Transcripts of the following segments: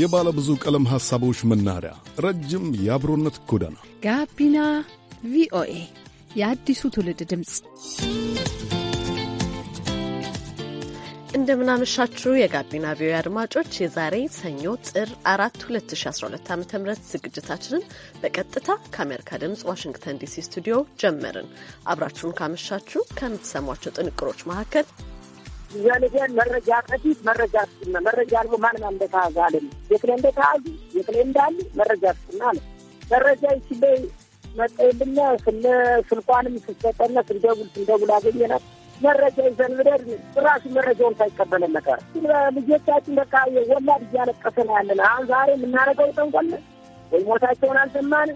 የባለ ብዙ ቀለም ሐሳቦች መናኸሪያ፣ ረጅም የአብሮነት ጎዳና ጋቢና ቪኦኤ የአዲሱ ትውልድ ድምፅ። እንደምናመሻችሁ የጋቢና ቪኦኤ አድማጮች የዛሬ ሰኞ ጥር 4 2012 ዓ ም ዝግጅታችንን በቀጥታ ከአሜሪካ ድምፅ ዋሽንግተን ዲሲ ስቱዲዮ ጀመርን። አብራችሁን ካመሻችሁ ከምትሰሟቸው ጥንቅሮች መካከል ዘለገን መረጃ ከፊት መረጃ ስና መረጃ አልቦ ማንም እንደተያዘ አለ የክለ እንደተያዙ የክለ እንዳሉ መረጃ ስና አለ መረጃ ይች ላይ መጠይልና ስለ ስልኳንም ስሰጠነ ስንደውል ስንደውል አገኘናት መረጃ ይዘን ብለን ራሱ መረጃውን ሳይቀበለን ነበር። ልጆቻችን በቃ ወላድ እያለቀሰ ነው ያለን። አሁን ዛሬ የምናደርገው ጠንቆለ ወይ ሞታቸውን አልሰማን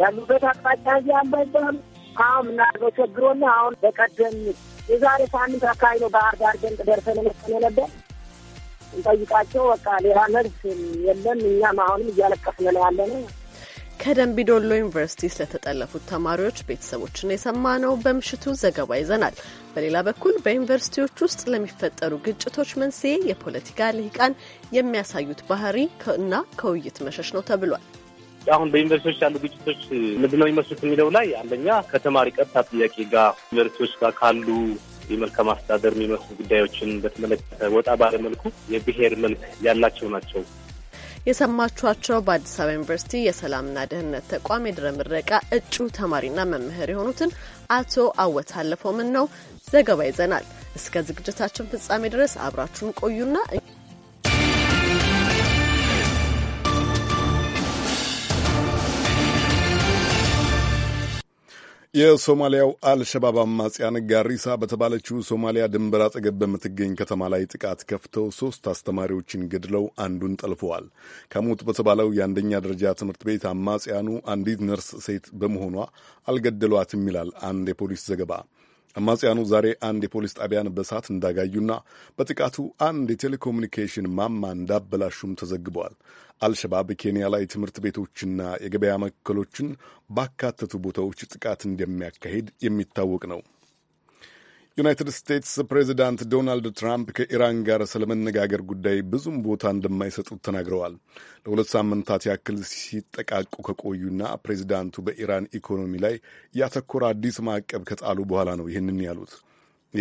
ያሉበት አቅጣጫ እዚህ አንባይባሉ አሁን ምናደርገው ቸግሮና አሁን በቀደም የዛሬ ሳምንት አካባቢ ነው ባህር ዳር ደንቅ ደርሰን መሰለኝ ነበር እንጠይቃቸው። በቃ ሌላ መልስ የለም። እኛም አሁንም እያለቀስን ነው ያለ ነው። ከደንቢ ዶሎ ዩኒቨርሲቲ ስለተጠለፉት ተማሪዎች ቤተሰቦችን የሰማ ነው በምሽቱ ዘገባ ይዘናል። በሌላ በኩል በዩኒቨርሲቲዎች ውስጥ ለሚፈጠሩ ግጭቶች መንስኤ የፖለቲካ ልሂቃን የሚያሳዩት ባህሪ እና ከውይይት መሸሽ ነው ተብሏል። አሁን በዩኒቨርሲቲዎች ያሉ ግጭቶች ምንድነው የሚመስሉት የሚለው ላይ አንደኛ ከተማሪ ቀጥታ ጥያቄ ጋር ዩኒቨርሲቲዎች ጋር ካሉ የመልካም አስተዳደር የሚመስሉ ጉዳዮችን በተመለከተ ወጣ ባለመልኩ የብሔር መልክ ያላቸው ናቸው። የሰማችኋቸው በአዲስ አበባ ዩኒቨርሲቲ የሰላምና ደህንነት ተቋም የድረ ምረቃ እጩ ተማሪና መምህር የሆኑትን አቶ አወታለፈው ነው ዘገባ ይዘናል። እስከ ዝግጅታችን ፍጻሜ ድረስ አብራችሁን ቆዩና የሶማሊያው አልሸባብ አማጽያን ጋሪሳ በተባለችው ሶማሊያ ድንበር አጠገብ በምትገኝ ከተማ ላይ ጥቃት ከፍተው ሶስት አስተማሪዎችን ገድለው አንዱን ጠልፈዋል። ከሞት በተባለው የአንደኛ ደረጃ ትምህርት ቤት አማጽያኑ አንዲት ነርስ ሴት በመሆኗ አልገደሏትም ይላል አንድ የፖሊስ ዘገባ። አማጽያኑ ዛሬ አንድ የፖሊስ ጣቢያን በእሳት እንዳጋዩና በጥቃቱ አንድ የቴሌኮሙኒኬሽን ማማ እንዳበላሹም ተዘግበዋል። አልሸባብ ኬንያ ላይ ትምህርት ቤቶችና የገበያ መካከሎችን ባካተቱ ቦታዎች ጥቃት እንደሚያካሂድ የሚታወቅ ነው። ዩናይትድ ስቴትስ ፕሬዚዳንት ዶናልድ ትራምፕ ከኢራን ጋር ስለመነጋገር ጉዳይ ብዙም ቦታ እንደማይሰጡት ተናግረዋል። ለሁለት ሳምንታት ያክል ሲጠቃቁ ከቆዩና ፕሬዚዳንቱ በኢራን ኢኮኖሚ ላይ ያተኮረ አዲስ ማዕቀብ ከጣሉ በኋላ ነው ይህንን ያሉት።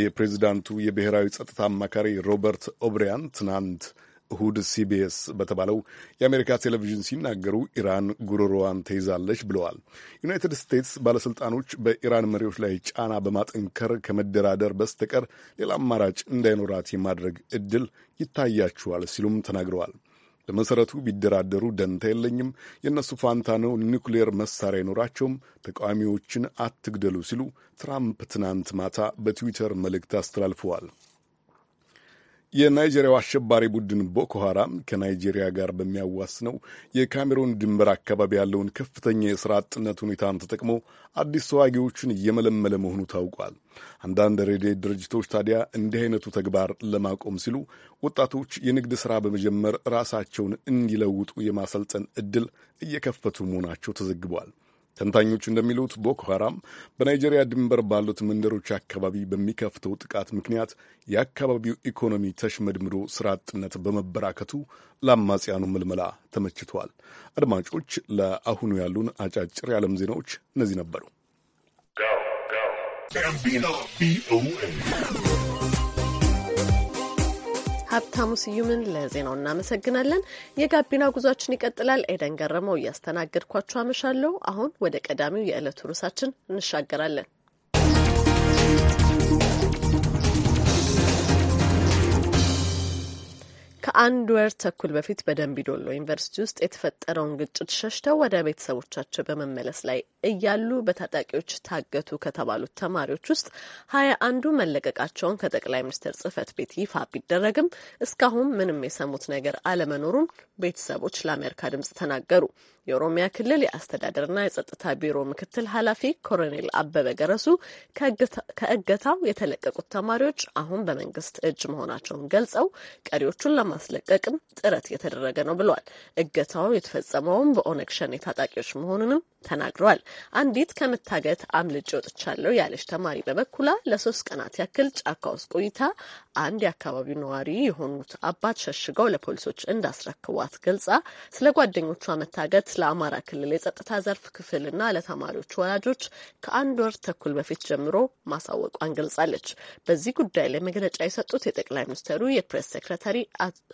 የፕሬዚዳንቱ የብሔራዊ ጸጥታ አማካሪ ሮበርት ኦብሪያን ትናንት እሁድ ሲቢኤስ በተባለው የአሜሪካ ቴሌቪዥን ሲናገሩ ኢራን ጉሮሮዋን ተይዛለች ብለዋል። ዩናይትድ ስቴትስ ባለሥልጣኖች በኢራን መሪዎች ላይ ጫና በማጠንከር ከመደራደር በስተቀር ሌላ አማራጭ እንዳይኖራት የማድረግ ዕድል ይታያችኋል ሲሉም ተናግረዋል። በመሠረቱ ቢደራደሩ ደንታ የለኝም፣ የእነሱ ፋንታ ነው፣ ኒውክሌር መሳሪያ አይኖራቸውም፣ ተቃዋሚዎችን አትግደሉ ሲሉ ትራምፕ ትናንት ማታ በትዊተር መልእክት አስተላልፈዋል። የናይጄሪያው አሸባሪ ቡድን ቦኮ ሐራም ከናይጄሪያ ጋር በሚያዋስነው የካሜሮን ድንበር አካባቢ ያለውን ከፍተኛ የሥራ አጥነት ሁኔታን ተጠቅሞ አዲስ ተዋጊዎችን እየመለመለ መሆኑ ታውቋል። አንዳንድ ረድኤት ድርጅቶች ታዲያ እንዲህ አይነቱ ተግባር ለማቆም ሲሉ ወጣቶች የንግድ ሥራ በመጀመር ራሳቸውን እንዲለውጡ የማሰልጠን ዕድል እየከፈቱ መሆናቸው ተዘግቧል። ተንታኞቹ እንደሚሉት ቦኮ ሐራም በናይጄሪያ ድንበር ባሉት መንደሮች አካባቢ በሚከፍተው ጥቃት ምክንያት የአካባቢው ኢኮኖሚ ተሽመድምዶ ስራ አጥነት በመበራከቱ ለአማጽያኑ ምልመላ ተመችቷል። አድማጮች፣ ለአሁኑ ያሉን አጫጭር የዓለም ዜናዎች እነዚህ ነበሩ። ሀብታሙ ስዩምን ለዜናው እናመሰግናለን። የጋቢና ጉዟችን ይቀጥላል። ኤደን ገረመው እያስተናገድኳችሁ አመሻለሁ። አሁን ወደ ቀዳሚው የዕለቱ ርዕሳችን እንሻገራለን። ከአንድ ወር ተኩል በፊት በደንቢዶሎ ዩኒቨርሲቲ ውስጥ የተፈጠረውን ግጭት ሸሽተው ወደ ቤተሰቦቻቸው በመመለስ ላይ እያሉ በታጣቂዎች ታገቱ ከተባሉት ተማሪዎች ውስጥ ሀያ አንዱ መለቀቃቸውን ከጠቅላይ ሚኒስትር ጽህፈት ቤት ይፋ ቢደረግም እስካሁን ምንም የሰሙት ነገር አለመኖሩን ቤተሰቦች ለአሜሪካ ድምጽ ተናገሩ። የኦሮሚያ ክልል የአስተዳደርና የጸጥታ ቢሮ ምክትል ኃላፊ ኮሎኔል አበበ ገረሱ ከእገታው የተለቀቁት ተማሪዎች አሁን በመንግስት እጅ መሆናቸውን ገልጸው ቀሪዎቹን ለማስለቀቅም ጥረት እየተደረገ ነው ብለዋል። እገታው የተፈጸመውም በኦነግ ሸኔ ታጣቂዎች መሆኑንም ተናግረዋል። አንዲት ከመታገት አምልጭ ወጥቻለሁ ያለች ተማሪ በበኩላ ለሶስት ቀናት ያክል ጫካ ውስጥ ቆይታ አንድ የአካባቢው ነዋሪ የሆኑት አባት ሸሽገው ለፖሊሶች እንዳስረክቧት ገልጻ ስለ ጓደኞቿ መታገት ለአማራ ክልል የጸጥታ ዘርፍ ክፍልና ለተማሪዎቹ ወላጆች ከአንድ ወር ተኩል በፊት ጀምሮ ማሳወቋን ገልጻለች። በዚህ ጉዳይ ላይ መግለጫ የሰጡት የጠቅላይ ሚኒስትሩ የፕሬስ ሴክረታሪ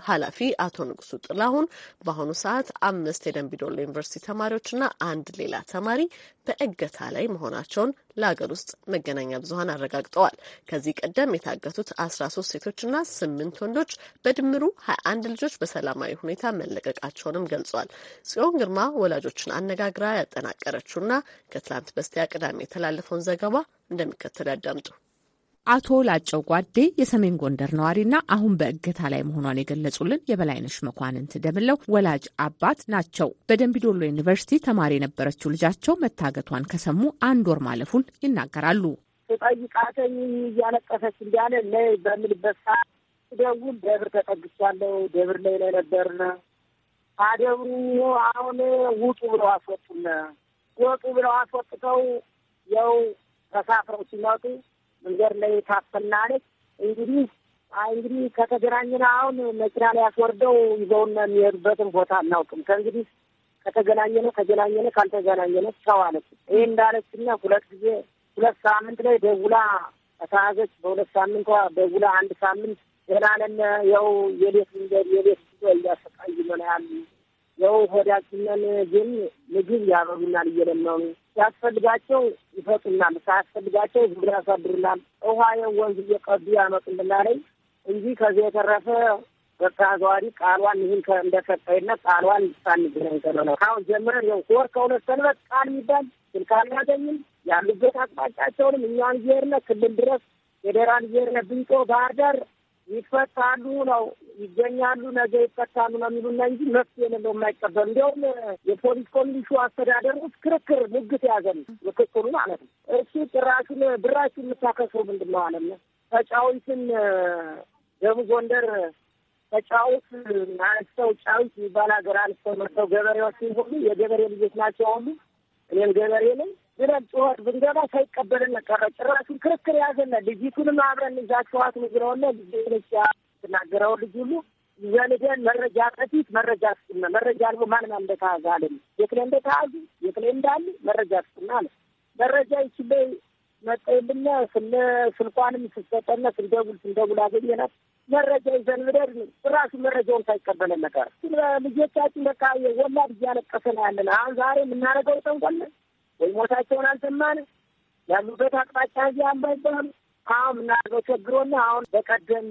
ኃላፊ አቶ ንጉሱ ጥላሁን በአሁኑ ሰዓት አምስት የደንቢዶሎ ዩኒቨርሲቲ ተማሪዎችና አንድ ሌላ ሌላ ተማሪ በእገታ ላይ መሆናቸውን ለሀገር ውስጥ መገናኛ ብዙኃን አረጋግጠዋል። ከዚህ ቀደም የታገቱት አስራ ሶስት ሴቶችና ስምንት ወንዶች በድምሩ ሀያ አንድ ልጆች በሰላማዊ ሁኔታ መለቀቃቸውንም ገልጿል። ጽዮን ግርማ ወላጆችን አነጋግራ ያጠናቀረችውና ከትላንት በስቲያ ቅዳሜ የተላለፈውን ዘገባ እንደሚከተል ያዳምጡ። አቶ ላጨው ጓዴ የሰሜን ጎንደር ነዋሪና አሁን በእገታ ላይ መሆኗን የገለጹልን የበላይነሽ መኳንንት ደምለው ወላጅ አባት ናቸው። በደምቢዶሎ ዩኒቨርሲቲ ተማሪ የነበረችው ልጃቸው መታገቷን ከሰሙ አንድ ወር ማለፉን ይናገራሉ። ጠይቃተኝ እያለቀሰች እንዲያለ ለ በምልበት ሰዓት ደውል ደብር ተጠግቻለሁ፣ ደብር ላይ ላይ ነበርን። አደብሩ አሁን ውጡ ብለው አስወጡን። ወጡ ብለው አስወጥተው የው ተሳፍረው ሲመጡ መንገድ ላይ ታፈና ታፈናለች። እንግዲህ አይ እንግዲህ ከተገናኘን አሁን መኪና ላይ ያስወርደው ይዘውና የሚሄዱበትን ቦታ አናውቅም። ከእንግዲህ ከተገናኘነ ተገናኘነ፣ ካልተገናኘነ ሰው አለች። ይህ እንዳለችና ሁለት ጊዜ ሁለት ሳምንት ላይ ደውላ ተያዘች። በሁለት ሳምንቷ ደውላ አንድ ሳምንት ደህና ነን፣ ያው የሌት መንገድ የሌት ጉዞ እያሰቃዩን ነው ያሉ፣ ያው ሆዳችንን ግን ምግብ ያበሉናል እየለመኑ ሲያስፈልጋቸው ይሰጡናል፣ ሳያስፈልጋቸው ዝም ብለው ያሳድሩናል። ውሃ ወንዝ እየቀዱ ያመጡልናል እንጂ ከዚህ የተረፈ በቃ ዘዋሪ ቃሏን ይህን እንደሰጠይና ቃሏን ሳንገናኝ ቀረ ነው። ካሁን ጀምረን ይኸው ወር ከሁለት ሰንበት ቃል የሚባል ስልክ አናገኝም። ያሉበት አቅጣጫቸውንም እኛን ዜርነ ክልል ድረስ ፌዴራል ዜርነ ብንጮህ ባህር ዳር ይፈታሉ ነው ይገኛሉ፣ ነገ ይፈታሉ ነው የሚሉና እንጂ መፍትሄ የሌለው የማይቀበል እንዲያውም የፖሊስ ኮሚሽኑ አስተዳደር ውስጥ ክርክር ሙግት ያዘን ነው ምክክሉ ማለት ነው። እሱ ጭራሹን ብራችሁ የምታከሰው ምንድን ነው አለም ተጫዊትን ደቡብ ጎንደር ተጫውት አንስተው ጫዊት የሚባል ሀገር አንስተው መጥተው ገበሬዎች ሁሉ የገበሬ ልጆች ናቸው ሁሉ እኔም ገበሬ ነኝ ብለን ጩኸት ብንገባ ሳይቀበልን ቀረ። ጭራሹን ክርክር ያዘና ልጅቱንም አብረን ይዛችኋት ንግረውና ልጅ ትናገረው ልጅ ሁሉ ዘልደን መረጃ በፊት መረጃ ስጥና መረጃ አልቦ ማን ማን እንደተያዘ አለን። የት እንደተያዙ የክሌ እንዳሉ መረጃ ስጥና አለ። መረጃ ይች ላይ መጠልና ስለ ስልኳንም ስሰጠና ስንደውል ስንደውል አገኘናት። መረጃ ይዘን ብደር እራሱ መረጃውን ሳይቀበለን ቀረ። ልጆቻችን በቃ ወላድ እያለቀሰ ነው ያለን። አሁን ዛሬ የምናደርገው ጠንቆለን ወይ ሞታቸውን አልሰማን ያሉበት አቅጣጫ እዚህ አልባይባሉ አሁን ምናልባት ቸግሮና አሁን በቀደም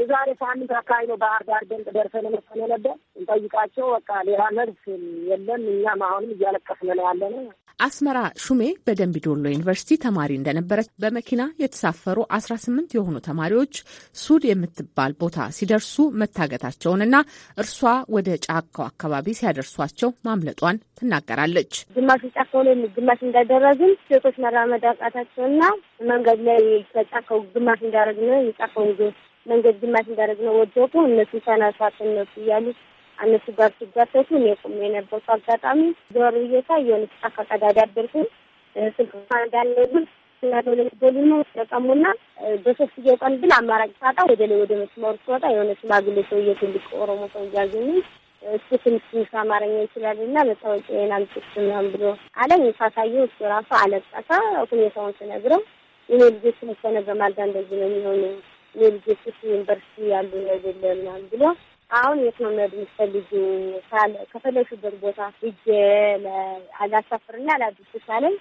የዛሬ ሳምንት አካባቢ ነው ባህር ዳር ደንቅ ደርሰን መሰለ ነበር እንጠይቃቸው። በቃ ሌላ መልስ የለም። እኛም አሁንም እያለቀስን ነው ያለ ነው። አስመራ ሹሜ በደንቢ ዶሎ ዩኒቨርሲቲ ተማሪ እንደነበረች በመኪና የተሳፈሩ አስራ ስምንት የሆኑ ተማሪዎች ሱድ የምትባል ቦታ ሲደርሱ መታገታቸውንና እርሷ ወደ ጫካው አካባቢ ሲያደርሷቸው ማምለጧን ትናገራለች። ግማሽ ጫካው ላይ ግማሽ እንዳደረግን ሴቶች መራመድ አቃታቸውና መንገድ ላይ ከጫካው ግማሽ እንዳደረግን የጫካው መንገድ ግማሽ እንዳደረግ ነው ወደቁ። እነሱ ተነሱ አትነሱ እያሉ አነሱ ጋር ሲጋተቱ እኔ ቁሜ የነበርኩ አጋጣሚ ዞር እየታ የሆነ የሆነች ጫካ ቀዳዳ አደርኩኝ። ስልክ እንዳለብን ነው ተጠቀሙና በሶስት እየቀን ግን አማራጭ ሳጣ ወደ ላይ ወደ መስመሩ ሲወጣ የሆነ ሽማግሌ ሰው እየትልቅ ኦሮሞ ሰው እያገኙ እሱ ትንሽ አማርኛ ይችላል እና መታወቂያን ናምጭ ምናምን ብሎ አለኝ። ሳሳየ እሱ ራሱ አለቀሰ። ሁኔታውን ስነግረው የኔ ልጆች ስንሰነ በማልዳ እንደዚህ ነው የሚሆኑ የልጆች ዩኒቨርሲቲ ያሉ የሌለ ምናምን ብሎ አሁን የት ነው መሄድ የምትፈልጊ ሳለ ከፈለግሽበት ቦታ ሂጅ አላሳፍርና አላድርስ ሳለኝ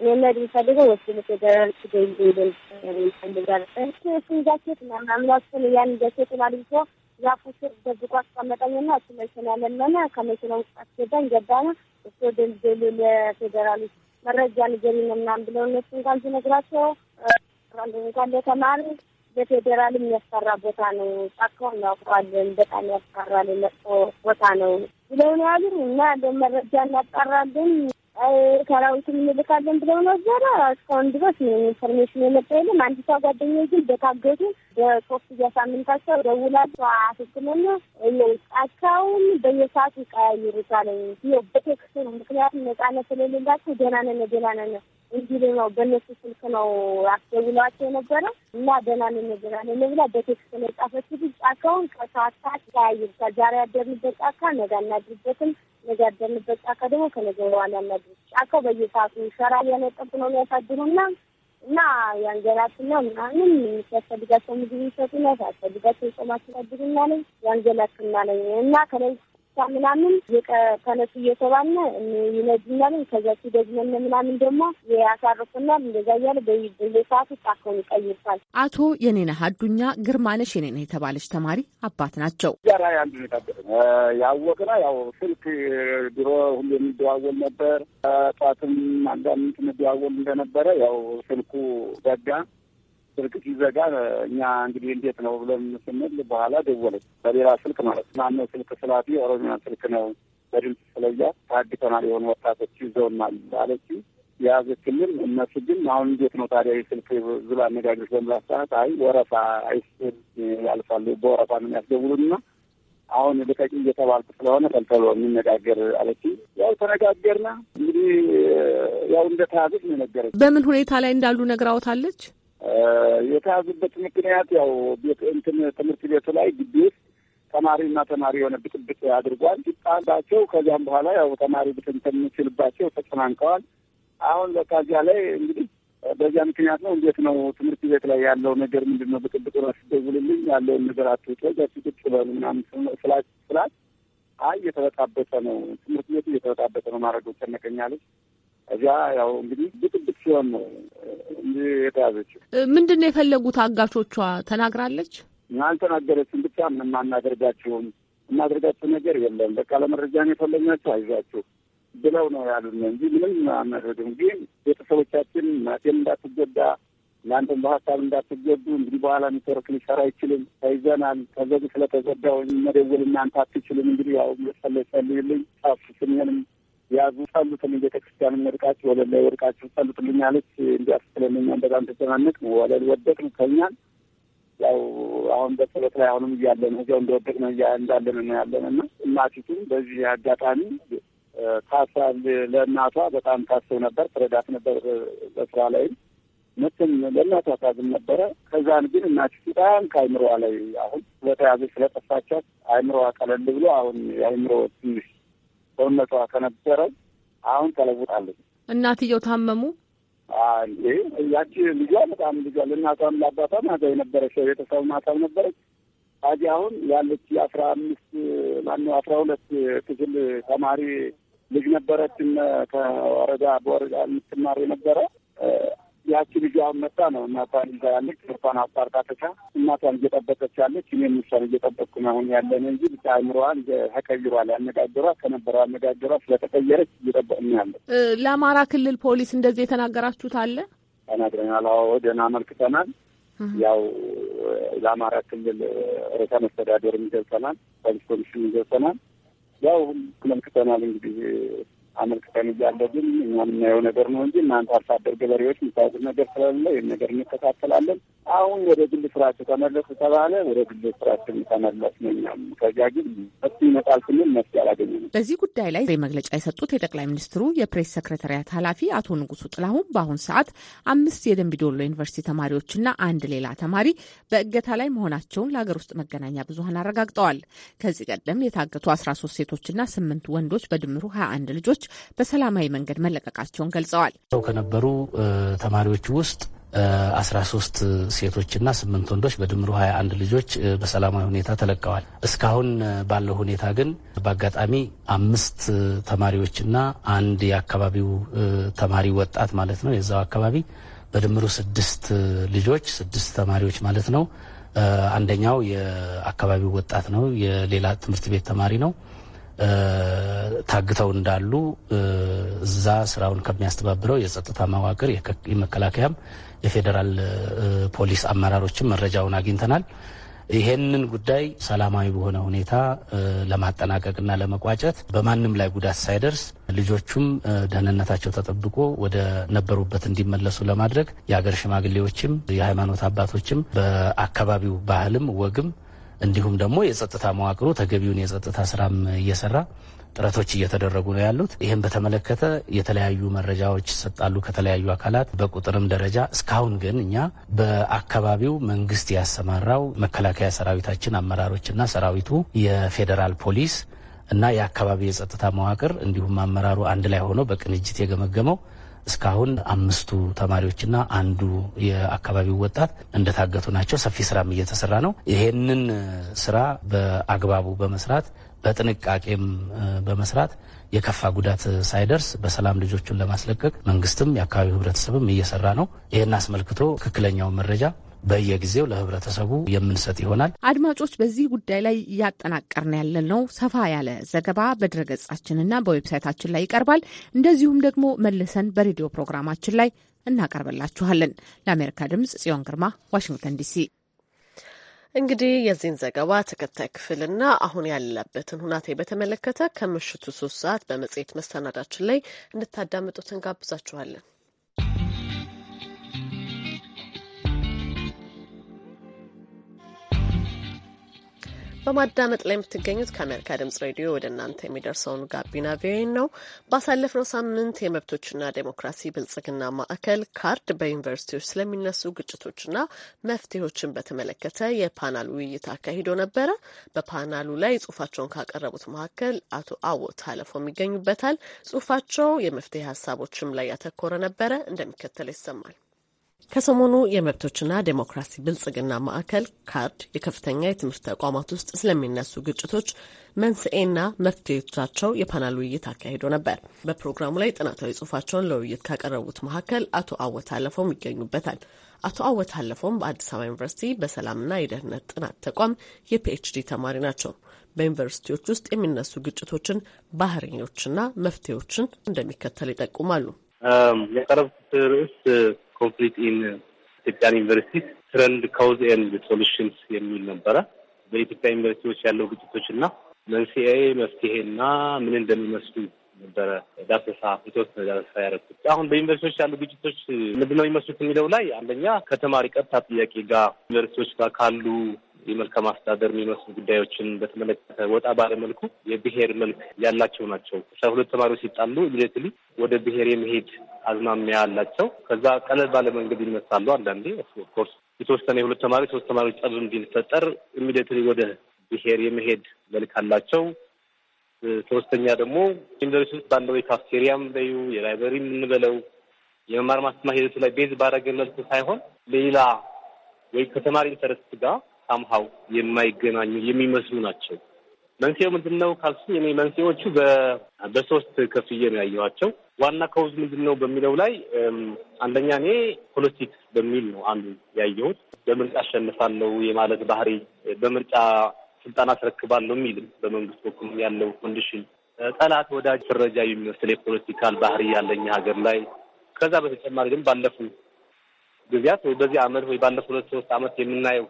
እኔ መሄድ የምፈልገው ወስድ ፌደራል ስገኝ እሱን ጃኬት ያን ዛፉ ስር ደብቆ አስቀመጠኝና እሱ መኪና ለመነ። ከመኪና ውስጥ አስገባኝ ገባነ እሱ ለፌዴራሉ መረጃ ምናምን ብለው እነሱ እንኳን ሲነግራቸው እንኳን ለተማሪ በፌዴራል የሚያስፈራ ቦታ ነው። ጫካው እናውቀዋለን። በጣም ያስፈራል። መጥፎ ቦታ ነው ብለው ነው ያሉ እና መረጃ እናጣራለን ሰራዊትን እንልካለን ብለው ነበረ። እስካሁን ድረስ ኢንፎርሜሽን የመጣ የለም። አንድ ሰው ጓደኛ ግን በታገቱ በሶስት እያሳምንታቸው ደውላል ሕክምና ጫካውን በየሰዓቱ ይቀያይሩታል በቴክስት ነው። ምክንያቱም ነጻነት ስለሌላቸው ደህና ነን ደህና ነን ውድል ነው። በእነሱ ስልክ ነው አስደውለዋቸው የነበረ እና ደህና እንነገራለን ብላ በቴክስት ነው የጻፈችው። ጫካውን ከሰዓት ሰዓት ተያይብታል። ዛሬ ያደርንበት ጫካ ነገ አናድርበትም፣ ነገ ያደርንበት ጫካ ደግሞ ከነገ በኋላ አናድር። ጫካው በየሰዓቱ ሸራ እያነጠፉ ነው የሚያሳድሩና እና ነው ምናምን የሚያስፈልጋቸው ምግብ ይሰጡና ያስፈልጋቸው ጾማቸው ያድሩና ነኝ የአንገላትና ነኝ እና ከለዚ ሳ ምናምን ተነሱ እየተባለ ይነዱናል። ከዛ ሲደግመን ምናምን ደግሞ ያሳርፉናል። እንደዛ እያለ በየሰዓቱ ጫካውን ይቀይርታል። አቶ የኔነህ አዱኛ ግርማነሽ የኔነ የተባለች ተማሪ አባት ናቸው። ዛራ አንዱ ያወቅና ያው ስልክ ድሮ ሁሉ የሚደዋወል ነበር። ጠዋትም አንዳንድ እንደዋወል እንደነበረ ያው ስልኩ ዘጋ ስልክ ሲዘጋ እኛ እንግዲህ እንዴት ነው ብለን ስንል በኋላ ደወለች በሌላ ስልክ ማለት ማነው ስልክ ስላፊ ኦሮሚያ ስልክ ነው በድምፅ ስለያ ታግተናል የሆኑ ወጣቶች ይዘውናል የያዘ ክልል እነሱ ግን አሁን እንዴት ነው ታዲያ የስልክ ዙላ አነጋግሮች በምላት ሰዓት አይ ወረፋ አይስል ያልፋሉ በወረፋ ነው የሚያስገቡሉን የሚያስደውሉና አሁን ልቀቂ እየተባልኩ ስለሆነ ተልተሎ የሚነጋገር አለች። ያው ተነጋገርና እንግዲህ ያው እንደ እንደተያዘች ነው የነገረች። በምን ሁኔታ ላይ እንዳሉ ነግራወታለች። የተያዙበት ምክንያት ያው ቤት እንትን ትምህርት ቤቱ ላይ ግቢ ውስጥ እና ተማሪ የሆነ ብጥብጥ አድርጓል ጣላቸው። ከዚያም በኋላ ያው ተማሪ ብትንትን ሲልባቸው ተጨናንቀዋል። አሁን በቃ እዚያ ላይ እንግዲህ በዚያ ምክንያት ነው። እንዴት ነው ትምህርት ቤት ላይ ያለው ነገር ምንድን ነው? ብጥብጥ ሲደውልልኝ ያለውን ነገር አትውጦ ዛች ቁጭ በሉ ምናምን ስላት ስላት አይ እየተበጣበጠ ነው ትምህርት ቤቱ እየተበጣበጠ ነው ማድረገው ጨነቀኛለች እዚያ ያው እንግዲህ ብጥብቅ ሲሆን ነው እንጂ የተያዘችው። ምንድን ነው የፈለጉት? አጋቾቿ ተናግራለች? አልተናገረችም። ብቻ ምን አናደርጋችሁም፣ እናደርጋችሁ ነገር የለም፣ በቃ ለመረጃ ነው የፈለግናችሁ፣ አይዟችሁ ብለው ነው ያሉን እንጂ ምንም አናደርግም። ግን ቤተሰቦቻችን ማቴም እንዳትጎዳ እናንተም በሀሳብ እንዳትጎዱ እንግዲህ በኋላ ኔትወርክ ሊሰራ አይችልም፣ ተይዘናል። ከዘግ ስለተጎዳው መደወል እናንተ አትችልም። እንግዲህ ያው መጸለይ ጸልዩልኝ ጻፍ ስሜንም ያዙ ጸሉትን፣ ቤተክርስቲያን ወድቃችሁ ወለል ላይ ወድቃችሁ ጸሉትልኝ አለች። እንዲያስችለንኛን በጣም ተጨናነቅ ወለል ወደቅ ተኛን። ያው አሁን በጸሎት ላይ አሁንም እያለን እዚያው እንደወደቅ ነው እንዳለን ነው ያለን እና እናቲቱም በዚህ አጋጣሚ ታሳ ለእናቷ በጣም ታስብ ነበር፣ ትረዳት ነበር። በስራ ላይም ምትም ለእናቷ ታዝም ነበረ። ከዛን ግን እናቲቱ በጣም ከአይምሮዋ ላይ አሁን ስለተያዘች ስለጠፋቻት አይምሮዋ ቀለል ብሎ አሁን የአይምሮ ትንሽ ሰውነቷ ከነበረ አሁን ተለውጣለች። እናትየው ታመሙ። ያቺ ልጇ በጣም ልጇ ለእናቷም ለአባቷም ማዛ የነበረች የቤተሰብ ማሳብ ነበረች። አዚ አሁን ያለች የአስራ አምስት ማነው አስራ ሁለት ክፍል ተማሪ ልጅ ነበረች ከወረዳ በወረዳ የምትማር የነበረ ያቺ ልጇን መጣ ነው እናቷን ይዛ ያለች እርሷን አቋርጣ ትታ እናቷን እየጠበቀች ያለች እኔም እሷን እየጠበቅኩ ነው አሁን ያለን እንጂ ብቻ አይምሮዋን ተቀይሯል። ያነጋገሯ ከነበረው አነጋገሯ ስለተቀየረች እየጠበቅን ያለ። ለአማራ ክልል ፖሊስ እንደዚህ የተናገራችሁት አለ? ተናግረናል። አዎ ወደና አመልክተናል። ያው ለአማራ ክልል ርዕሰ መስተዳደር ይገልጸናል፣ ፖሊስ ኮሚሽን ይገልጸናል። ያው ሁሉ ክለምክተናል እንግዲህ አመልክተን እያለ ግን እኛ የምናየው ነገር ነው እንጂ እናንተ አርሶ አደር ገበሬዎች የምታውቁት ነገር ስለሌለ ይህን ነገር እንከታተላለን። አሁን ወደ ግል ስራቸው ተመለሱ ተባለ። ወደ ግል ስራቸው ተመለስ ነው። እኛም ከዚያ ግን መፍትሄ ይመጣል ስንል መፍትሄ አላገኘንም። በዚህ ጉዳይ ላይ መግለጫ የሰጡት የጠቅላይ ሚኒስትሩ የፕሬስ ሰክረታሪያት ኃላፊ አቶ ንጉሱ ጥላሁን በአሁን ሰዓት አምስት የደንቢዶሎ ዶሎ ዩኒቨርሲቲ ተማሪዎችና አንድ ሌላ ተማሪ በእገታ ላይ መሆናቸውን ለሀገር ውስጥ መገናኛ ብዙሀን አረጋግጠዋል። ከዚህ ቀደም የታገቱ አስራ ሶስት ሴቶችና ስምንት ወንዶች በድምሩ ሀያ አንድ ልጆች ተማሪዎች በሰላማዊ መንገድ መለቀቃቸውን ገልጸዋል። ሰው ከነበሩ ተማሪዎች ውስጥ 13 ሴቶችና 8 ወንዶች በድምሩ 21 ልጆች በሰላማዊ ሁኔታ ተለቀዋል። እስካሁን ባለው ሁኔታ ግን በአጋጣሚ አምስት ተማሪዎችና አንድ የአካባቢው ተማሪ ወጣት ማለት ነው የዛው አካባቢ በድምሩ ስድስት ልጆች ስድስት ተማሪዎች ማለት ነው። አንደኛው የአካባቢው ወጣት ነው፣ የሌላ ትምህርት ቤት ተማሪ ነው። ታግተው እንዳሉ እዛ ስራውን ከሚያስተባብረው የጸጥታ መዋቅር የመከላከያም የፌዴራል ፖሊስ አመራሮችም መረጃውን አግኝተናል። ይሄንን ጉዳይ ሰላማዊ በሆነ ሁኔታ ለማጠናቀቅና ለመቋጨት በማንም ላይ ጉዳት ሳይደርስ ልጆቹም ደህንነታቸው ተጠብቆ ወደ ነበሩበት እንዲመለሱ ለማድረግ የሀገር ሽማግሌዎችም የሃይማኖት አባቶችም በአካባቢው ባህልም ወግም እንዲሁም ደግሞ የጸጥታ መዋቅሩ ተገቢውን የጸጥታ ስራም እየሰራ ጥረቶች እየተደረጉ ነው ያሉት። ይህም በተመለከተ የተለያዩ መረጃዎች ይሰጣሉ ከተለያዩ አካላት በቁጥርም ደረጃ። እስካሁን ግን እኛ በአካባቢው መንግስት ያሰማራው መከላከያ ሰራዊታችን አመራሮችና ሰራዊቱ፣ የፌዴራል ፖሊስ እና የአካባቢ የጸጥታ መዋቅር እንዲሁም አመራሩ አንድ ላይ ሆኖ በቅንጅት የገመገመው እስካሁን አምስቱ ተማሪዎችና አንዱ የአካባቢው ወጣት እንደታገቱ ናቸው። ሰፊ ስራም እየተሰራ ነው። ይሄንን ስራ በአግባቡ በመስራት በጥንቃቄም በመስራት የከፋ ጉዳት ሳይደርስ በሰላም ልጆቹን ለማስለቀቅ መንግስትም የአካባቢው ህብረተሰብም እየሰራ ነው። ይህን አስመልክቶ ትክክለኛውን መረጃ በየጊዜው ለህብረተሰቡ የምንሰጥ ይሆናል። አድማጮች፣ በዚህ ጉዳይ ላይ እያጠናቀርን ነው። ሰፋ ያለ ዘገባ በድረገጻችንና በዌብሳይታችን ላይ ይቀርባል። እንደዚሁም ደግሞ መልሰን በሬዲዮ ፕሮግራማችን ላይ እናቀርብላችኋለን። ለአሜሪካ ድምጽ ጽዮን ግርማ፣ ዋሽንግተን ዲሲ። እንግዲህ የዚህን ዘገባ ተከታይ ክፍልና አሁን ያለበትን ሁናቴ በተመለከተ ከምሽቱ ሶስት ሰዓት በመጽሔት መሰናዳችን ላይ እንድታዳምጡት እንጋብዛችኋለን። በማዳመጥ ላይ የምትገኙት ከአሜሪካ ድምጽ ሬዲዮ ወደ እናንተ የሚደርሰውን ጋቢና ቪኦኤ ነው። ባሳለፍነው ሳምንት የመብቶችና ዴሞክራሲ ብልጽግና ማዕከል ካርድ በዩኒቨርሲቲዎች ስለሚነሱ ግጭቶችና መፍትሄዎችን በተመለከተ የፓናል ውይይት አካሂዶ ነበረ። በፓናሉ ላይ ጽሁፋቸውን ካቀረቡት መካከል አቶ አወት ሀለፎም ይገኙበታል። ጽሁፋቸው የመፍትሄ ሀሳቦችም ላይ ያተኮረ ነበረ። እንደሚከተለው ይሰማል። ከሰሞኑ የመብቶችና ዴሞክራሲ ብልጽግና ማዕከል ካርድ የከፍተኛ የትምህርት ተቋማት ውስጥ ስለሚነሱ ግጭቶች መንስኤና መፍትሄዎቻቸው የፓናል ውይይት አካሂዶ ነበር። በፕሮግራሙ ላይ ጥናታዊ ጽሑፋቸውን ለውይይት ካቀረቡት መካከል አቶ አለፎም ይገኙበታል። አቶ አወታለፈውም በአዲስ አበባ ዩኒቨርሲቲ በሰላምና የደህንነት ጥናት ተቋም የፒኤችዲ ተማሪ ናቸው። በዩኒቨርሲቲዎች ውስጥ የሚነሱ ግጭቶችን ባህሪዎችና መፍትሄዎችን እንደሚከተል ይጠቁማሉ። ያቀረብኩት ርዕስ ኮምፕሊት ኢን ኢትዮጵያን ዩኒቨርሲቲ ትረንድ ካውዝ ኤንድ ሶሉሽንስ የሚል ነበረ። በኢትዮጵያ ዩኒቨርሲቲዎች ያለው ግጭቶች እና መንስኤ መፍትሄና ምን እንደሚመስሉ ነበረ ዳሰሳ የተወሰነ ዳሰሳ ያደረኩት። አሁን በዩኒቨርሲቲዎች ያሉ ግጭቶች ምንድነው የሚመስሉት የሚለው ላይ አንደኛ ከተማሪ ቀጥታ ጥያቄ ጋር ዩኒቨርሲቲዎች ጋር ካሉ የመልካም አስተዳደር የሚመስሉ ጉዳዮችን በተመለከተ ወጣ ባለ መልኩ የብሔር መልክ ያላቸው ናቸው። አስራ ሁለት ተማሪዎች ሲጣሉ ኢሚዲትሊ ወደ ብሔር የመሄድ አዝማሚያ ያላቸው ከዛ ቀለል ባለ መንገድ ይነሳሉ። አንዳንዴ ኦፍኮርስ የተወሰነ የሁለት ተማሪ ሶስት ተማሪዎች ጠብ እንዲፈጠር ኢሚዲትሊ ወደ ብሔር የመሄድ መልክ አላቸው። ሶስተኛ ደግሞ ዩኒቨርሲቲ ውስጥ ባለው የካፍቴሪያም በዩ የላይብረሪ የምንበለው የመማር ማስተማር ሂደቱ ላይ ቤዝ ባረገ መልኩ ሳይሆን ሌላ ወይ ከተማሪ ኢንተረስት ጋር ሳምሃው የማይገናኙ የሚመስሉ ናቸው። መንስኤው ምንድን ነው ካልሱ እኔ መንስኤዎቹ በሶስት ከፍዬ ነው ያየኋቸው። ዋና ከውዝ ምንድን ነው በሚለው ላይ አንደኛ እኔ ፖለቲክስ በሚል ነው አንዱ ያየሁት። በምርጫ አሸንፋለሁ የማለት ባህሪ፣ በምርጫ ስልጣን አስረክባለሁ የሚልም በመንግስት በኩል ያለው ኮንዲሽን፣ ጠላት ወዳጅ ፍረጃ የሚመስል የፖለቲካል ባህሪ ያለኝ ሀገር ላይ ከዛ በተጨማሪ ግን ባለፉ ጊዜያት ወይ በዚህ አመት ወይ ባለፉ ሁለት ሶስት አመት የምናየው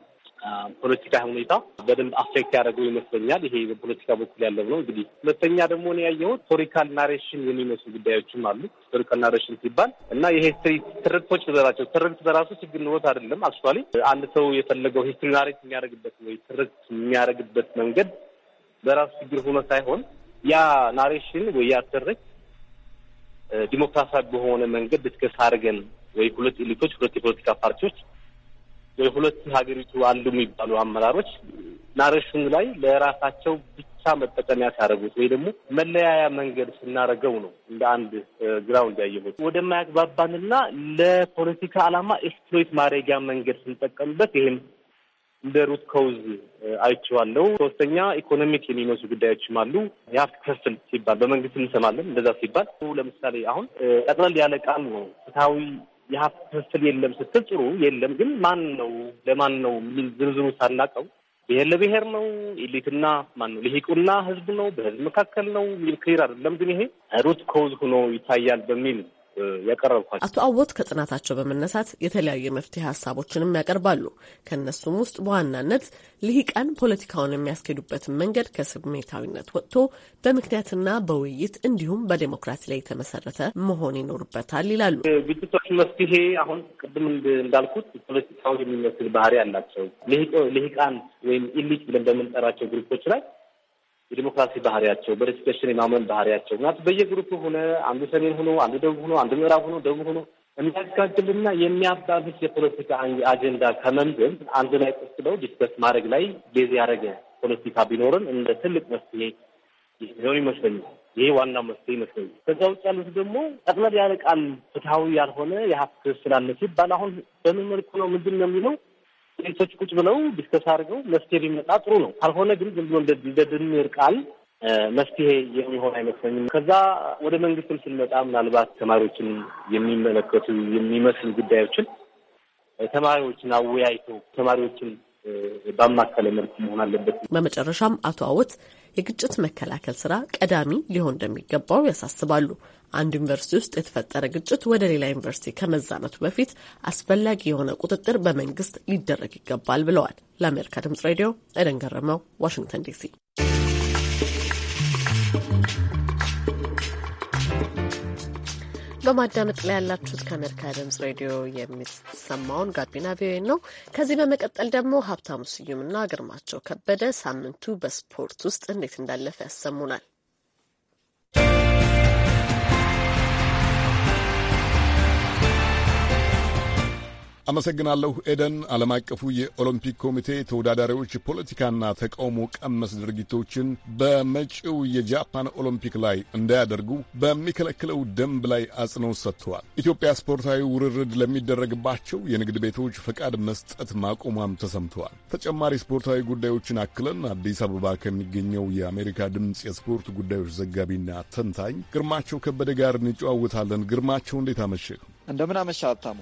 ፖለቲካ ሁኔታ በደንብ አፌክት ያደረገው ይመስለኛል። ይሄ በፖለቲካ በኩል ያለው ነው። እንግዲህ ሁለተኛ ደግሞ እኔ ያየሁት ሂስቶሪካል ናሬሽን የሚመስሉ ጉዳዮችም አሉ። ሂስቶሪካል ናሬሽን ሲባል እና የሂስትሪ ትርክቶች በራቸው ትርክት በራሱ ችግር ኖሮት አይደለም። አክቹዋሊ አንድ ሰው የፈለገው ሂስትሪ ናሬት የሚያደርግበት ወይ ትርክት የሚያደርግበት መንገድ በራሱ ችግር ሆኖ ሳይሆን ያ ናሬሽን ወይ ያ ትርክት ዲሞክራሲያዊ በሆነ መንገድ ዲስከስ አድርገን ወይ ሁለት ኤሊቶች ሁለት የፖለቲካ ፓርቲዎች የሁለት ሀገሪቱ አሉ የሚባሉ አመራሮች ናሬሽኑ ላይ ለራሳቸው ብቻ መጠቀሚያ ሲያደርጉት ወይ ደግሞ መለያያ መንገድ ስናደርገው ነው እንደ አንድ ግራውንድ ያየሁት ወደማያግባባንና ለፖለቲካ ዓላማ ኤክስፕሎይት ማድረጊያ መንገድ ስንጠቀምበት ይህም እንደ ሩት ከውዝ አይቼዋለሁ። ሶስተኛ ኢኮኖሚክ የሚመስሉ ጉዳዮችም አሉ። የሀብት ክፍፍል ሲባል በመንግስት እንሰማለን። እንደዛ ሲባል ለምሳሌ አሁን ጠቅለል ያለ ቃል ነው ፍትሐዊ የሀብት ክፍፍል የለም ስትል ጥሩ የለም ግን ማን ነው ለማን ነው የሚል ዝርዝሩ ሳናቀው ብሔር ለብሔር ነው ኤሊትና ማን ነው ልሂቁና ህዝብ ነው በህዝብ መካከል ነው የሚል ክሊር አይደለም። ግን ይሄ ሩት ኮዝ ሆኖ ይታያል በሚል ያቀረብኳቸው። አቶ አወት ከጥናታቸው በመነሳት የተለያዩ የመፍትሄ ሀሳቦችንም ያቀርባሉ። ከእነሱም ውስጥ በዋናነት ልሂቃን ፖለቲካውን የሚያስኬዱበትን መንገድ ከስሜታዊነት ወጥቶ በምክንያትና በውይይት እንዲሁም በዴሞክራሲ ላይ የተመሰረተ መሆን ይኖርበታል ይላሉ። ግጭቶች መፍትሄ አሁን ቅድም እንዳልኩት ፖለቲካው የሚመስል ባህሪ ያላቸው ልሂቃን ወይም ኢሊት ብለን በምንጠራቸው ግሩፖች ላይ የዲሞክራሲ ባህሪያቸው በሬሲቴሽን የማመን ባህሪያቸው ምክንያቱ በየግሩፕ ሆነ አንዱ ሰሜን ሆኖ አንዱ ደቡብ ሆኖ አንዱ ምዕራብ ሆኖ ደቡብ ሆኖ የሚያጋድልና የሚያባብስ የፖለቲካ አጀንዳ ከመንድም አንድ ላይ ቁጭ ብለው ዲስከስ ማድረግ ላይ ቤዝ ያደረገ ፖለቲካ ቢኖርን እንደ ትልቅ መፍትሄ ሊሆን ይመስለኛል። ይሄ ዋና መፍትሄ ይመስለኛል። ከዛ ውጭ ያሉት ደግሞ ጠቅለል ያለ ቃል ፍትሐዊ ያልሆነ የሀብት ክፍፍል አለ ሲባል አሁን በምን መልኩ ነው ምንድን ነው የሚለው አትሌቶች ቁጭ ብለው ዲስከስ አድርገው መፍትሄ ቢመጣ ጥሩ ነው። ካልሆነ ግን ዝም ብሎ እንደ ድምር ቃል መፍትሄ የሚሆን አይመስለኝም። ከዛ ወደ መንግስትም ስንመጣ ምናልባት ተማሪዎችን የሚመለከቱ የሚመስሉ ጉዳዮችን ተማሪዎችን አወያይተው ተማሪዎችን ባማከለ መልኩ መሆን አለበት። በመጨረሻም አቶ አወት የግጭት መከላከል ስራ ቀዳሚ ሊሆን እንደሚገባው ያሳስባሉ። አንድ ዩኒቨርሲቲ ውስጥ የተፈጠረ ግጭት ወደ ሌላ ዩኒቨርሲቲ ከመዛመቱ በፊት አስፈላጊ የሆነ ቁጥጥር በመንግስት ሊደረግ ይገባል ብለዋል። ለአሜሪካ ድምጽ ሬዲዮ ኤደን ገረመው፣ ዋሽንግተን ዲሲ በማዳመጥ ላይ ያላችሁት ከአሜሪካ ድምጽ ሬዲዮ የሚሰማውን ጋቢና ቪኦኤ ነው። ከዚህ በመቀጠል ደግሞ ሀብታሙ ስዩምና ግርማቸው ከበደ ሳምንቱ በስፖርት ውስጥ እንዴት እንዳለፈ ያሰሙናል። አመሰግናለሁ ኤደን። ዓለም አቀፉ የኦሎምፒክ ኮሚቴ ተወዳዳሪዎች ፖለቲካና ተቃውሞ ቀመስ ድርጊቶችን በመጪው የጃፓን ኦሎምፒክ ላይ እንዳያደርጉ በሚከለክለው ደንብ ላይ አጽንኦት ሰጥተዋል። ኢትዮጵያ ስፖርታዊ ውርርድ ለሚደረግባቸው የንግድ ቤቶች ፈቃድ መስጠት ማቆሟም ተሰምተዋል። ተጨማሪ ስፖርታዊ ጉዳዮችን አክለን አዲስ አበባ ከሚገኘው የአሜሪካ ድምፅ የስፖርት ጉዳዮች ዘጋቢና ተንታኝ ግርማቸው ከበደ ጋር እንጨዋወታለን። ግርማቸው እንዴት አመሸህ? እንደምን አመሻ አታሙ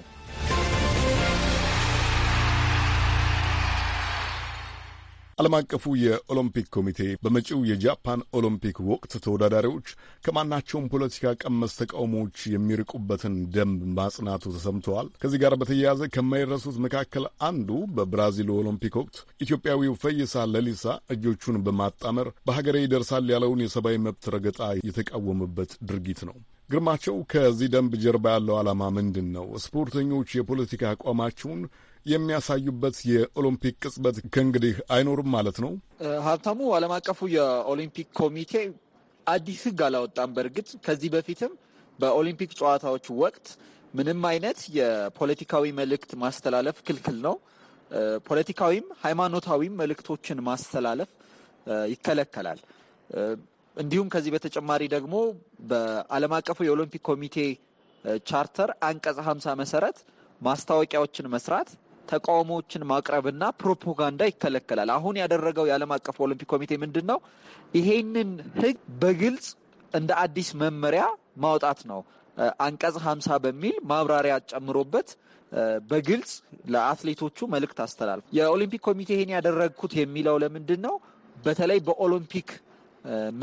ዓለም አቀፉ የኦሎምፒክ ኮሚቴ በመጪው የጃፓን ኦሎምፒክ ወቅት ተወዳዳሪዎች ከማናቸውም ፖለቲካ ቀመስ ተቃውሞዎች የሚርቁበትን ደንብ ማጽናቱ ተሰምተዋል። ከዚህ ጋር በተያያዘ ከማይረሱት መካከል አንዱ በብራዚል ኦሎምፒክ ወቅት ኢትዮጵያዊው ፈይሳ ለሊሳ እጆቹን በማጣመር በሀገሬ ይደርሳል ያለውን የሰብአዊ መብት ረገጣ የተቃወመበት ድርጊት ነው። ግርማቸው፣ ከዚህ ደንብ ጀርባ ያለው ዓላማ ምንድን ነው? ስፖርተኞች የፖለቲካ አቋማቸውን የሚያሳዩበት የኦሎምፒክ ቅጽበት ከእንግዲህ አይኖርም ማለት ነው። ሀብታሙ፣ ዓለም አቀፉ የኦሊምፒክ ኮሚቴ አዲስ ህግ አላወጣም። በእርግጥ ከዚህ በፊትም በኦሊምፒክ ጨዋታዎች ወቅት ምንም አይነት የፖለቲካዊ መልእክት ማስተላለፍ ክልክል ነው። ፖለቲካዊም ሃይማኖታዊም መልእክቶችን ማስተላለፍ ይከለከላል። እንዲሁም ከዚህ በተጨማሪ ደግሞ በዓለም አቀፉ የኦሎምፒክ ኮሚቴ ቻርተር አንቀጽ ሀምሳ መሰረት ማስታወቂያዎችን መስራት ተቃውሞዎችን ማቅረብና ፕሮፓጋንዳ ይከለከላል። አሁን ያደረገው የዓለም አቀፍ ኦሎምፒክ ኮሚቴ ምንድን ነው? ይሄንን ህግ በግልጽ እንደ አዲስ መመሪያ ማውጣት ነው። አንቀጽ ሀምሳ በሚል ማብራሪያ ጨምሮበት በግልጽ ለአትሌቶቹ መልእክት አስተላልፍ። የኦሊምፒክ ኮሚቴ ይሄን ያደረግኩት የሚለው ለምንድን ነው? በተለይ በኦሎምፒክ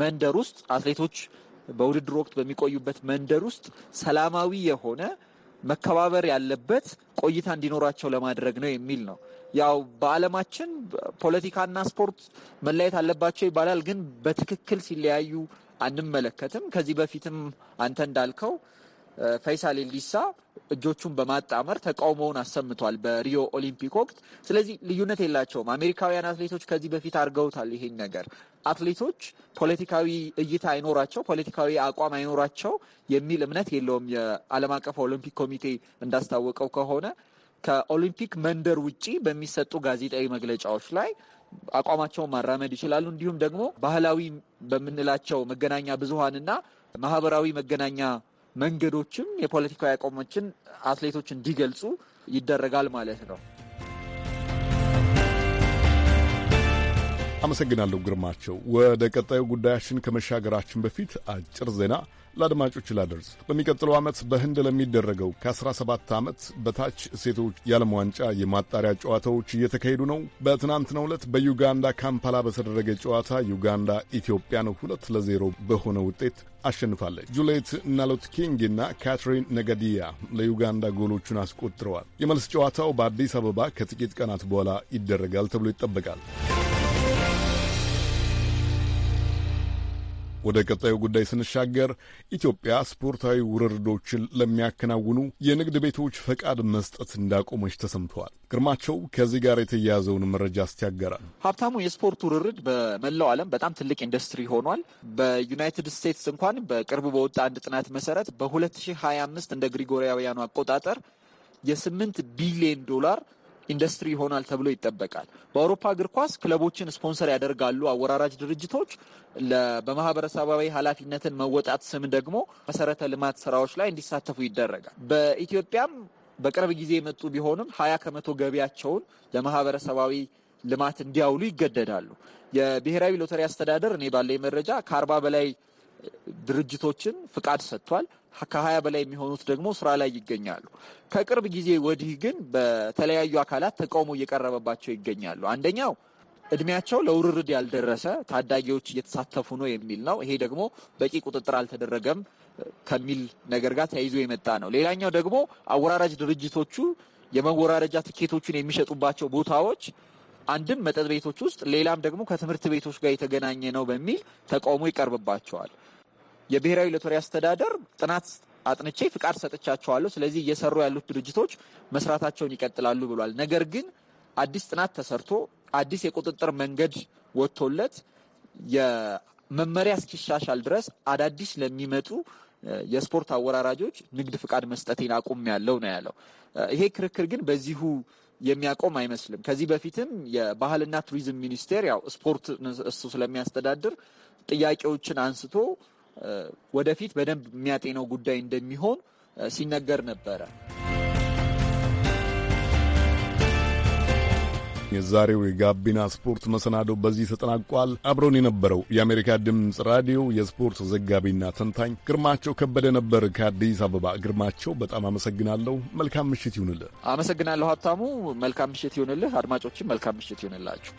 መንደር ውስጥ አትሌቶች በውድድር ወቅት በሚቆዩበት መንደር ውስጥ ሰላማዊ የሆነ መከባበር ያለበት ቆይታ እንዲኖራቸው ለማድረግ ነው የሚል ነው። ያው በዓለማችን ፖለቲካና ስፖርት መለየት አለባቸው ይባላል፣ ግን በትክክል ሲለያዩ አንመለከትም። ከዚህ በፊትም አንተ እንዳልከው ፈይሳል ሊሳ እጆቹን በማጣመር ተቃውሞውን አሰምቷል በሪዮ ኦሊምፒክ ወቅት። ስለዚህ ልዩነት የላቸውም። አሜሪካውያን አትሌቶች ከዚህ በፊት አድርገውታል ይሄን ነገር። አትሌቶች ፖለቲካዊ እይታ አይኖራቸው፣ ፖለቲካዊ አቋም አይኖራቸው የሚል እምነት የለውም። የዓለም አቀፍ ኦሊምፒክ ኮሚቴ እንዳስታወቀው ከሆነ ከኦሊምፒክ መንደር ውጪ በሚሰጡ ጋዜጣዊ መግለጫዎች ላይ አቋማቸውን ማራመድ ይችላሉ። እንዲሁም ደግሞ ባህላዊ በምንላቸው መገናኛ ብዙሀንና ማህበራዊ መገናኛ መንገዶችም የፖለቲካዊ አቋሞችን አትሌቶች እንዲገልጹ ይደረጋል ማለት ነው። አመሰግናለሁ ግርማቸው። ወደ ቀጣዩ ጉዳያችን ከመሻገራችን በፊት አጭር ዜና ለአድማጮች ላደርስ። በሚቀጥለው ዓመት በህንድ ለሚደረገው ከ17 ዓመት በታች ሴቶች የዓለም ዋንጫ የማጣሪያ ጨዋታዎች እየተካሄዱ ነው። በትናንትናው ዕለት በዩጋንዳ ካምፓላ በተደረገ ጨዋታ ዩጋንዳ ኢትዮጵያን ሁለት ለዜሮ በሆነ ውጤት አሸንፋለች። ጁሌት ናሎት ኪንግ እና ካትሪን ነገዲያ ለዩጋንዳ ጎሎቹን አስቆጥረዋል። የመልስ ጨዋታው በአዲስ አበባ ከጥቂት ቀናት በኋላ ይደረጋል ተብሎ ይጠበቃል። ወደ ቀጣዩ ጉዳይ ስንሻገር ኢትዮጵያ ስፖርታዊ ውርርዶችን ለሚያከናውኑ የንግድ ቤቶች ፈቃድ መስጠት እንዳቆመች ተሰምተዋል። ግርማቸው ከዚህ ጋር የተያያዘውን መረጃ አስተያገራል። ሀብታሙ፣ የስፖርት ውርርድ በመላው ዓለም በጣም ትልቅ ኢንዱስትሪ ሆኗል። በዩናይትድ ስቴትስ እንኳን በቅርቡ በወጣ አንድ ጥናት መሰረት በ2025 እንደ ግሪጎሪያውያኑ አቆጣጠር የ8 ቢሊዮን ዶላር ኢንዱስትሪ ይሆናል ተብሎ ይጠበቃል። በአውሮፓ እግር ኳስ ክለቦችን ስፖንሰር ያደርጋሉ አወራራጅ ድርጅቶች። በማህበረሰባዊ ኃላፊነትን መወጣት ስም ደግሞ መሰረተ ልማት ስራዎች ላይ እንዲሳተፉ ይደረጋል። በኢትዮጵያም በቅርብ ጊዜ የመጡ ቢሆንም ሀያ ከመቶ ገቢያቸውን ለማህበረሰባዊ ልማት እንዲያውሉ ይገደዳሉ። የብሔራዊ ሎተሪ አስተዳደር እኔ ባለ መረጃ ከአርባ በላይ ድርጅቶችን ፍቃድ ሰጥቷል። ከሀያ በላይ የሚሆኑት ደግሞ ስራ ላይ ይገኛሉ። ከቅርብ ጊዜ ወዲህ ግን በተለያዩ አካላት ተቃውሞ እየቀረበባቸው ይገኛሉ። አንደኛው እድሜያቸው ለውርርድ ያልደረሰ ታዳጊዎች እየተሳተፉ ነው የሚል ነው። ይሄ ደግሞ በቂ ቁጥጥር አልተደረገም ከሚል ነገር ጋር ተያይዞ የመጣ ነው። ሌላኛው ደግሞ አወራራጅ ድርጅቶቹ የመወራረጃ ትኬቶቹን የሚሸጡባቸው ቦታዎች አንድም መጠጥ ቤቶች ውስጥ ሌላም ደግሞ ከትምህርት ቤቶች ጋር የተገናኘ ነው በሚል ተቃውሞ ይቀርብባቸዋል። የብሔራዊ ሎተሪ አስተዳደር ጥናት አጥንቼ ፍቃድ ሰጥቻቸዋለሁ፣ ስለዚህ እየሰሩ ያሉት ድርጅቶች መስራታቸውን ይቀጥላሉ ብሏል። ነገር ግን አዲስ ጥናት ተሰርቶ አዲስ የቁጥጥር መንገድ ወጥቶለት የመመሪያ እስኪሻሻል ድረስ አዳዲስ ለሚመጡ የስፖርት አወራራጆች ንግድ ፍቃድ መስጠቴን አቁም ያለው ነው ያለው። ይሄ ክርክር ግን በዚሁ የሚያቆም አይመስልም። ከዚህ በፊትም የባህልና ቱሪዝም ሚኒስቴር ያው ስፖርት እሱ ስለሚያስተዳድር ጥያቄዎችን አንስቶ ወደፊት በደንብ የሚያጤነው ጉዳይ እንደሚሆን ሲነገር ነበረ። የዛሬው የጋቢና ስፖርት መሰናዶ በዚህ ተጠናቋል። አብሮን የነበረው የአሜሪካ ድምፅ ራዲዮ የስፖርት ዘጋቢና ተንታኝ ግርማቸው ከበደ ነበር ከአዲስ አበባ። ግርማቸው፣ በጣም አመሰግናለሁ። መልካም ምሽት ይሁንልህ። አመሰግናለሁ ሀብታሙ። መልካም ምሽት ይሁንልህ። አድማጮችም መልካም ምሽት ይሁንላችሁ።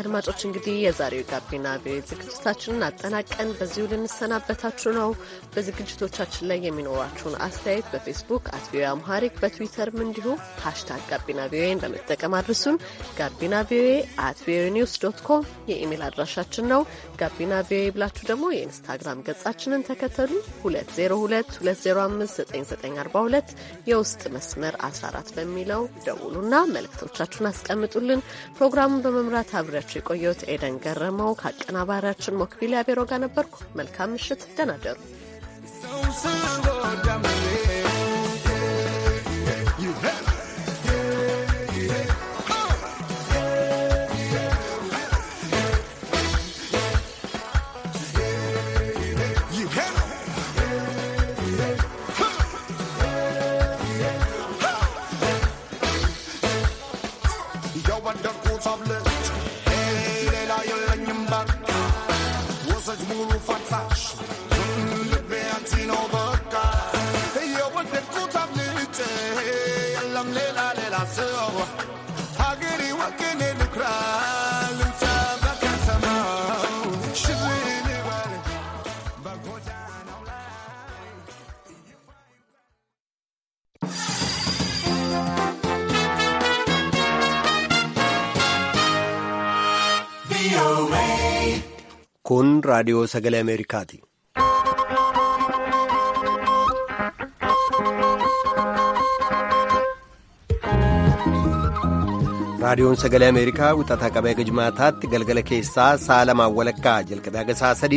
አድማጮች እንግዲህ የዛሬው ጋቢና ቪኦኤ ዝግጅታችንን አጠናቀን በዚሁ ልንሰናበታችሁ ነው። በዝግጅቶቻችን ላይ የሚኖራችሁን አስተያየት በፌስቡክ አት ቪኦኤ አምሃሪክ በትዊተርም እንዲሁ ሀሽታግ ጋቢና ቪኦኤን በመጠቀም አድርሱን። ጋቢና ቪኦኤ አት ቪኦኤ ኒውስ ዶት ኮም የኢሜል አድራሻችን ነው። ጋቢና ቪኦኤ ብላችሁ ደግሞ የኢንስታግራም ገጻችንን ተከተሉ። 2022059942 የውስጥ መስመር 14 በሚለው ደውሉና መልእክቶቻችሁን አስቀምጡልን። ፕሮግራሙን በመምራት አብሪያችሁ ሳስተናግዳችሁ የቆየሁት ኤደን ገረመው ከአቀናባሪያችን ሞክቢል ያቤሮ ጋር ነበርኩ። መልካም ምሽት፣ ደህና ደሩ። raadiyoo sagalee Ameerikaati. raadiyoon sagalee ameerikaa wixataa qabee gijmaataatti galgala keessaa saalamaan walakkaa jalqabee sadiit.